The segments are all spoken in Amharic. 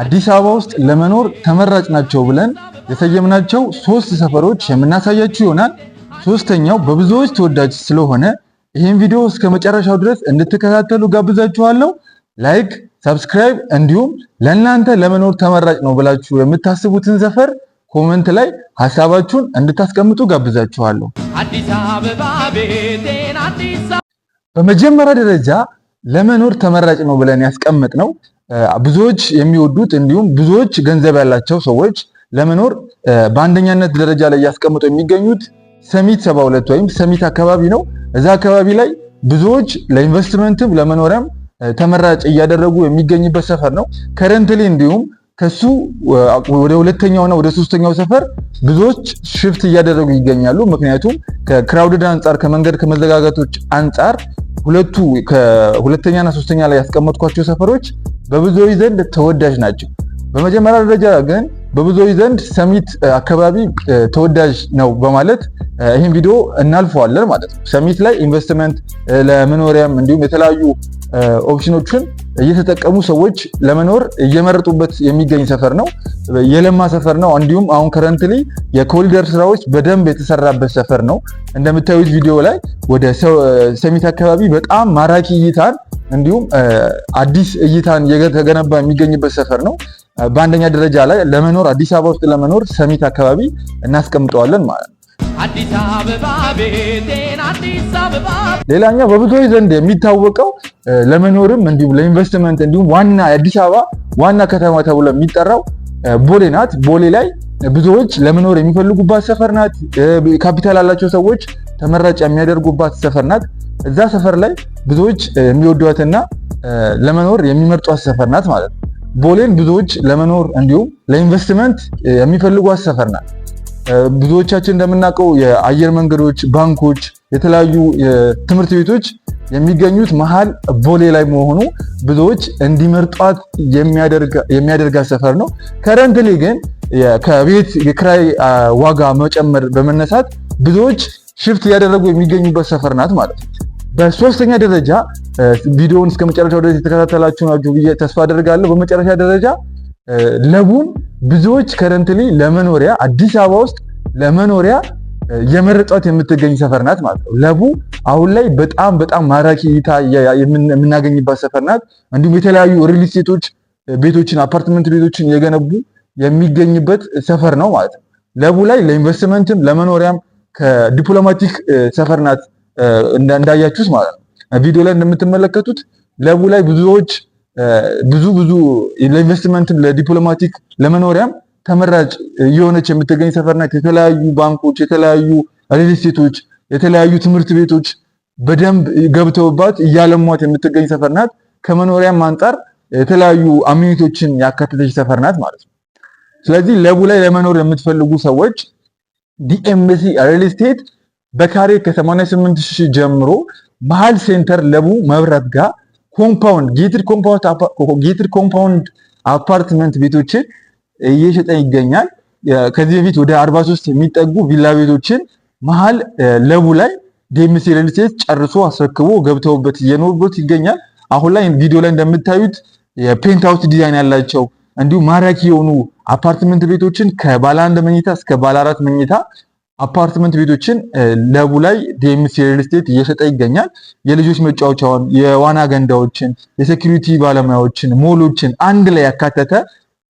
አዲስ አበባ ውስጥ ለመኖር ተመራጭ ናቸው ብለን የሰየምናቸው ሶስት ሰፈሮች የምናሳያችሁ ይሆናል። ሶስተኛው በብዙዎች ተወዳጅ ስለሆነ ይህን ቪዲዮ እስከ መጨረሻው ድረስ እንድትከታተሉ ጋብዛችኋለሁ። ላይክ፣ ሰብስክራይብ እንዲሁም ለእናንተ ለመኖር ተመራጭ ነው ብላችሁ የምታስቡትን ሰፈር ኮመንት ላይ ሀሳባችሁን እንድታስቀምጡ ጋብዛችኋለሁ። በመጀመሪያ ደረጃ ለመኖር ተመራጭ ነው ብለን ያስቀምጥ ነው ብዙዎች የሚወዱት እንዲሁም ብዙዎች ገንዘብ ያላቸው ሰዎች ለመኖር በአንደኛነት ደረጃ ላይ እያስቀምጠው የሚገኙት ሰሚት 72 ወይም ሰሚት አካባቢ ነው። እዛ አካባቢ ላይ ብዙዎች ለኢንቨስትመንትም ለመኖሪያም ተመራጭ እያደረጉ የሚገኝበት ሰፈር ነው። ከረንትሊ እንዲሁም ከሱ ወደ ሁለተኛውና ወደ ሶስተኛው ሰፈር ብዙዎች ሽፍት እያደረጉ ይገኛሉ። ምክንያቱም ከክራውድድ አንጻር ከመንገድ ከመዘጋጋቶች አንጻር ሁለቱ ከሁለተኛና ሶስተኛ ላይ ያስቀመጥኳቸው ሰፈሮች በብዙዎች ዘንድ ተወዳጅ ናቸው። በመጀመሪያ ደረጃ ግን በብዙዎች ዘንድ ሰሚት አካባቢ ተወዳጅ ነው በማለት ይህን ቪዲዮ እናልፈዋለን ማለት ነው። ሰሚት ላይ ኢንቨስትመንት ለመኖሪያም እንዲሁም የተለያዩ ኦፕሽኖችን እየተጠቀሙ ሰዎች ለመኖር እየመረጡበት የሚገኝ ሰፈር ነው። የለማ ሰፈር ነው። እንዲሁም አሁን ከረንትሊ የኮሪደር ስራዎች በደንብ የተሰራበት ሰፈር ነው። እንደምታዩት ቪዲዮ ላይ ወደ ሰሚት አካባቢ በጣም ማራኪ እይታን እንዲሁም አዲስ እይታን የተገነባ የሚገኝበት ሰፈር ነው። በአንደኛ ደረጃ ላይ ለመኖር አዲስ አበባ ውስጥ ለመኖር ሰሚት አካባቢ እናስቀምጠዋለን ማለት ነው። ሌላኛው በብዙዎች ዘንድ የሚታወቀው ለመኖርም እንዲሁም ለኢንቨስትመንት እንዲሁም ዋና የአዲስ አበባ ዋና ከተማ ተብሎ የሚጠራው ቦሌ ናት። ቦሌ ላይ ብዙዎች ለመኖር የሚፈልጉባት ሰፈር ናት። ካፒታል ያላቸው ሰዎች ተመራጭ የሚያደርጉባት ሰፈር ናት። እዛ ሰፈር ላይ ብዙዎች የሚወዷትና ለመኖር የሚመርጧት ሰፈር ናት ማለት ነው። ቦሌን ብዙዎች ለመኖር እንዲሁም ለኢንቨስትመንት የሚፈልጓት ሰፈር ናት። ብዙዎቻችን እንደምናውቀው የአየር መንገዶች፣ ባንኮች፣ የተለያዩ ትምህርት ቤቶች የሚገኙት መሀል ቦሌ ላይ መሆኑ ብዙዎች እንዲመርጧት የሚያደርጋት ሰፈር ነው። ከረንትሊ ግን ከቤት የክራይ ዋጋ መጨመር በመነሳት ብዙዎች ሽፍት እያደረጉ የሚገኙበት ሰፈር ናት ማለት ነው። በሶስተኛ ደረጃ ቪዲዮውን እስከ መጨረሻ ድረስ የተከታተላችሁ ናችሁ ብዬ ተስፋ አደርጋለሁ። በመጨረሻ ደረጃ ለቡም ብዙዎች ከረንትሊ ለመኖሪያ አዲስ አበባ ውስጥ ለመኖሪያ የመረጧት የምትገኝ ሰፈር ናት ማለት ነው። ለቡ አሁን ላይ በጣም በጣም ማራኪ እይታ የምናገኝባት ሰፈር ናት። እንዲሁም የተለያዩ ሪል ስቴቶች ቤቶችን፣ አፓርትመንት ቤቶችን እየገነቡ የሚገኝበት ሰፈር ነው ማለት ነው። ለቡ ላይ ለኢንቨስትመንትም ለመኖሪያም ከዲፕሎማቲክ ሰፈር ናት እንዳያችሁት ማለት ነው ቪዲዮ ላይ እንደምትመለከቱት ለቡ ላይ ብዙዎች ብዙ ብዙ ለኢንቨስትመንትም ለዲፕሎማቲክ ለመኖሪያም ተመራጭ እየሆነች የምትገኝ ሰፈር ናት። የተለያዩ ባንኮች፣ የተለያዩ ሪልስቴቶች፣ የተለያዩ ትምህርት ቤቶች በደንብ ገብተውባት እያለሟት የምትገኝ ሰፈር ናት። ከመኖሪያም አንጻር የተለያዩ አሚኒቶችን ያካተተች ሰፈር ናት ማለት ነው። ስለዚህ ለቡ ላይ ለመኖር የምትፈልጉ ሰዎች ዲኤምሲ ሪልስቴት በካሬ ከ88 ሺህ ጀምሮ መሀል ሴንተር ለቡ መብራት ጋር ኮምፓውንድ ጌትድ ኮምፓውንድ አፓርትመንት ቤቶችን እየሸጠ ይገኛል። ከዚህ በፊት ወደ 43 የሚጠጉ ቪላ ቤቶችን መሀል ለቡ ላይ ዴምሲ ሪል ስቴት ጨርሶ አስረክቦ ገብተውበት እየኖሩበት ይገኛል። አሁን ላይ ቪዲዮ ላይ እንደምታዩት የፔንት ዲዛይን ያላቸው እንዲሁም ማራኪ የሆኑ አፓርትመንት ቤቶችን ከባለ አንድ መኝታ እስከ ባለ አራት መኝታ አፓርትመንት ቤቶችን ለቡ ላይ ዲኤምሲ ሪል ስቴት እየሸጠ ይገኛል። የልጆች መጫወቻውን፣ የዋና ገንዳዎችን፣ የሴኩሪቲ ባለሙያዎችን፣ ሞሎችን አንድ ላይ ያካተተ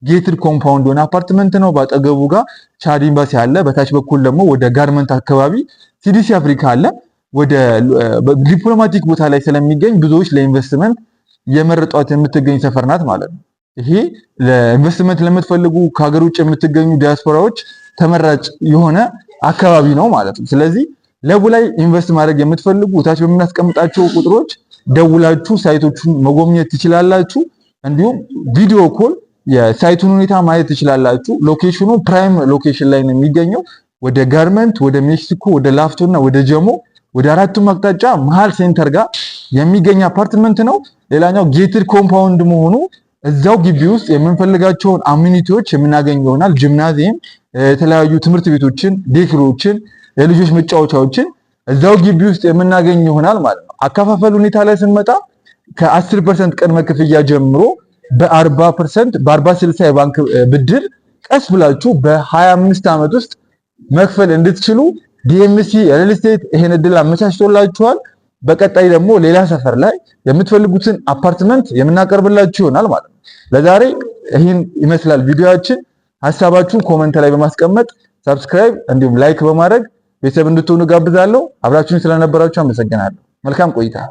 ጌትድ ኮምፓውንድ የሆነ አፓርትመንት ነው። በአጠገቡ ጋር ቻድ ኤምባሲ አለ። በታች በኩል ደግሞ ወደ ጋርመንት አካባቢ ሲዲሲ አፍሪካ አለ። ወደ ዲፕሎማቲክ ቦታ ላይ ስለሚገኝ ብዙዎች ለኢንቨስትመንት የመረጧት የምትገኝ ሰፈር ናት ማለት ነው። ይሄ ለኢንቨስትመንት ለምትፈልጉ ከሀገር ውጭ የምትገኙ ዲያስፖራዎች ተመራጭ የሆነ አካባቢ ነው ማለት ነው። ስለዚህ ለቡ ላይ ኢንቨስት ማድረግ የምትፈልጉ ታች በምናስቀምጣቸው ቁጥሮች ደውላችሁ ሳይቶቹን መጎብኘት ትችላላችሁ። እንዲሁም ቪዲዮ ኮል የሳይቱን ሁኔታ ማየት ትችላላችሁ። ሎኬሽኑ ፕራይም ሎኬሽን ላይ ነው የሚገኘው። ወደ ጋርመንት፣ ወደ ሜክሲኮ፣ ወደ ላፍቶ እና ወደ ጀሞ ወደ አራቱም አቅጣጫ መሀል ሴንተር ጋር የሚገኝ አፓርትመንት ነው። ሌላኛው ጌትድ ኮምፓውንድ መሆኑ እዛው ግቢ ውስጥ የምንፈልጋቸውን አሚኒቲዎች የምናገኝ ይሆናል። ጂምናዚየም የተለያዩ ትምህርት ቤቶችን፣ ዴክሮችን፣ የልጆች መጫወቻዎችን እዛው ግቢ ውስጥ የምናገኝ ይሆናል ማለት ነው። አከፋፈል ሁኔታ ላይ ስንመጣ ከ10 ፐርሰንት ቅድመ ክፍያ ጀምሮ በ40 በ40 60 የባንክ ብድር ቀስ ብላችሁ በ25 ዓመት ውስጥ መክፈል እንድትችሉ ዲኤምሲ ሪል ስቴት ይህን እድል አመቻችቶላችኋል። በቀጣይ ደግሞ ሌላ ሰፈር ላይ የምትፈልጉትን አፓርትመንት የምናቀርብላችሁ ይሆናል ማለት ነው። ለዛሬ ይህን ይመስላል ቪዲዮችን። ሀሳባችሁን ኮመንት ላይ በማስቀመጥ ሰብስክራይብ፣ እንዲሁም ላይክ በማድረግ ቤተሰብ እንድትሆኑ ጋብዛለሁ። አብራችሁን ስለነበራችሁ አመሰግናለሁ። መልካም ቆይታ